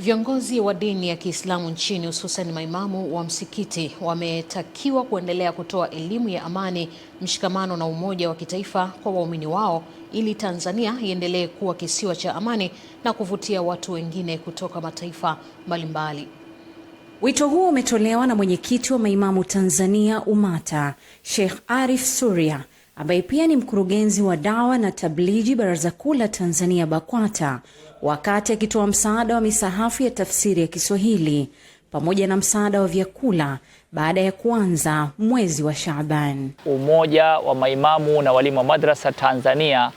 Viongozi wa dini ya Kiislamu nchini hususan maimamu wa msikiti wametakiwa kuendelea kutoa elimu ya amani, mshikamano na umoja wa kitaifa kwa waumini wao ili Tanzania iendelee kuwa kisiwa cha amani na kuvutia watu wengine kutoka mataifa mbalimbali. Wito huo umetolewa na mwenyekiti wa maimamu Tanzania, Umata, Sheikh Arif Suria ambaye pia ni mkurugenzi wa dawa na tabliji Baraza Kuu la Tanzania BAKWATA, wakati akitoa msaada wa misahafu ya tafsiri ya Kiswahili pamoja na msaada wa vyakula baada ya kuanza mwezi wa Shaaban. Umoja wa maimamu na walimu wa madrasa Tanzania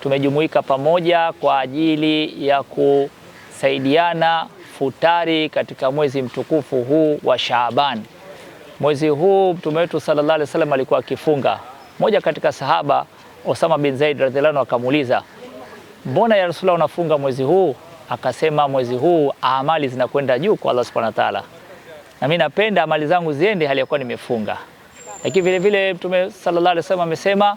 tumejumuika pamoja kwa ajili ya kusaidiana futari katika mwezi mtukufu huu wa Shaaban. Mwezi huu Mtume wetu sallallahu alaihi wasallam alikuwa akifunga moja katika sahaba Osama bin Zaid radhiallahu akamuuliza, mbona ya Rasulullah unafunga mwezi huu? Akasema, mwezi huu amali zinakwenda juu kwa Allah subhanahu wa ta'ala, na mimi napenda amali zangu ziende hali ya kuwa nimefunga. Lakini vile vile Mtume sallallahu alaihi wasallam amesema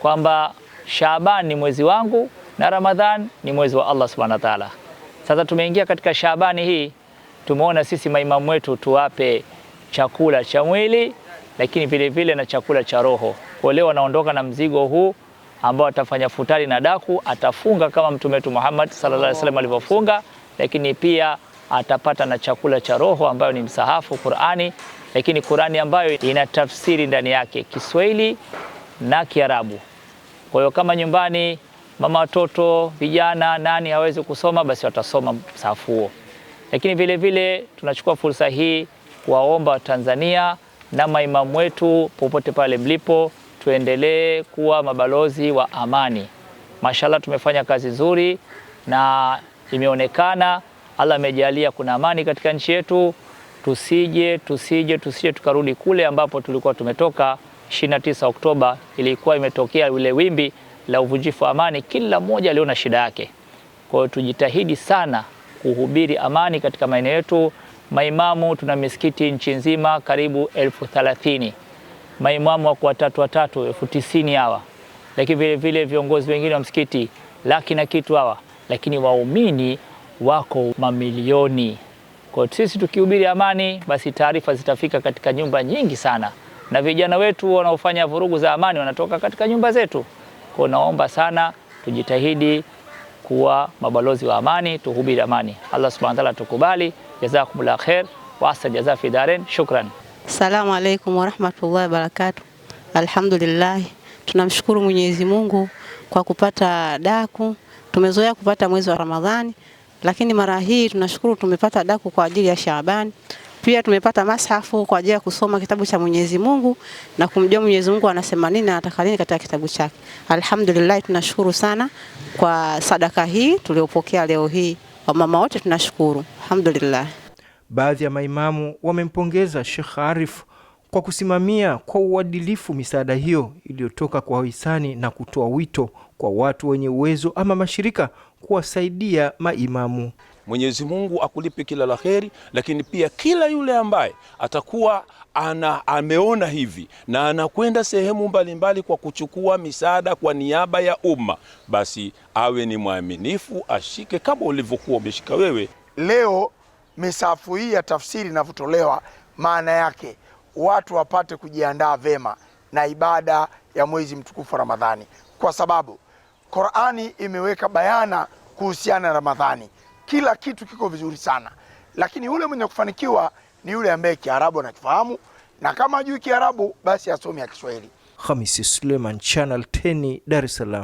kwamba Shaaban ni mwezi wangu na Ramadhan ni mwezi wa Allah subhanahu wa ta'ala. Sasa tumeingia katika Shaabani hii, tumeona sisi maimamu wetu tuwape chakula cha mwili, lakini vile vile na chakula cha roho. Kwa leo wanaondoka na mzigo huu ambao atafanya futari na daku, atafunga kama mtume wetu Muhammad sallallahu alaihi wasallam alivyofunga, lakini pia atapata na chakula cha roho ambayo ni msahafu Qurani, lakini Qurani ambayo ina tafsiri ndani yake Kiswahili na Kiarabu. Kwa hiyo kama nyumbani mama, watoto, vijana, nani hawezi kusoma, basi watasoma msahafu huo. Lakini vile vile tunachukua fursa hii kuwaomba Tanzania na maimamu wetu popote pale mlipo tuendelee kuwa mabalozi wa amani. Mashallah, tumefanya kazi nzuri na imeonekana, Allah amejalia kuna amani katika nchi yetu. Tusije tusije tusije tukarudi kule ambapo tulikuwa tumetoka. 29 Oktoba ilikuwa imetokea ile wimbi la uvunjifu wa amani, kila mmoja aliona shida yake. Kwa hiyo tujitahidi sana kuhubiri amani katika maeneo yetu. Maimamu tuna misikiti nchi nzima karibu elfu maimamu wako watatu watatu elfu tisini hawa, lakini vile vile viongozi wengine wa msikiti laki na kitu hawa, lakini waumini wako mamilioni. Kwa sisi tukihubiri amani, basi taarifa zitafika katika nyumba nyingi sana, na vijana wetu wanaofanya vurugu za amani wanatoka katika nyumba zetu. Kwa naomba sana tujitahidi kuwa mabalozi wa amani, tuhubiri amani. Allah subhanahu wa ta'ala tukubali. Jazakumullahu khair wa asa jaza fi daren. Shukran. Salamu alaikum warahmatullahi wabarakatu. Alhamdulillah, tunamshukuru Mwenyezi Mungu kwa kupata daku. Tumezoea kupata mwezi wa Ramadhani, lakini mara hii tunashukuru tumepata daku kwa ajili ya Shaabani. Pia tumepata mashafu kwa ajili ya kusoma kitabu cha Mwenyezi Mungu na kumjua Mwenyezi Mungu anasema nini na anataka nini katika kitabu chake. Alhamdulillah, tunashukuru sana kwa sadaka hii tuliopokea leo hii. Wamama wote tunashukuru. Alhamdulillah. Baadhi ya maimamu wamempongeza Sheikh Arif kwa kusimamia kwa uadilifu misaada hiyo iliyotoka kwa wahisani na kutoa wito kwa watu wenye uwezo ama mashirika kuwasaidia maimamu. Mwenyezi Mungu akulipe kila la lakini pia kila yule ambaye atakuwa ana ameona hivi na anakwenda sehemu mbalimbali mbali kwa kuchukua misaada kwa niaba ya umma, basi awe ni mwaminifu, ashike kama ulivyokuwa umeshika wewe leo misafu hii ya tafsiri inavyotolewa, maana yake watu wapate kujiandaa vema na ibada ya mwezi mtukufu wa Ramadhani, kwa sababu Qur'ani imeweka bayana kuhusiana na Ramadhani. Kila kitu kiko vizuri sana, lakini yule mwenye kufanikiwa ni yule ambaye Kiarabu anakifahamu na kama hajui Kiarabu basi asome ya Kiswahili. Hamisi Suleiman, Channel 10, Dar es Salaam.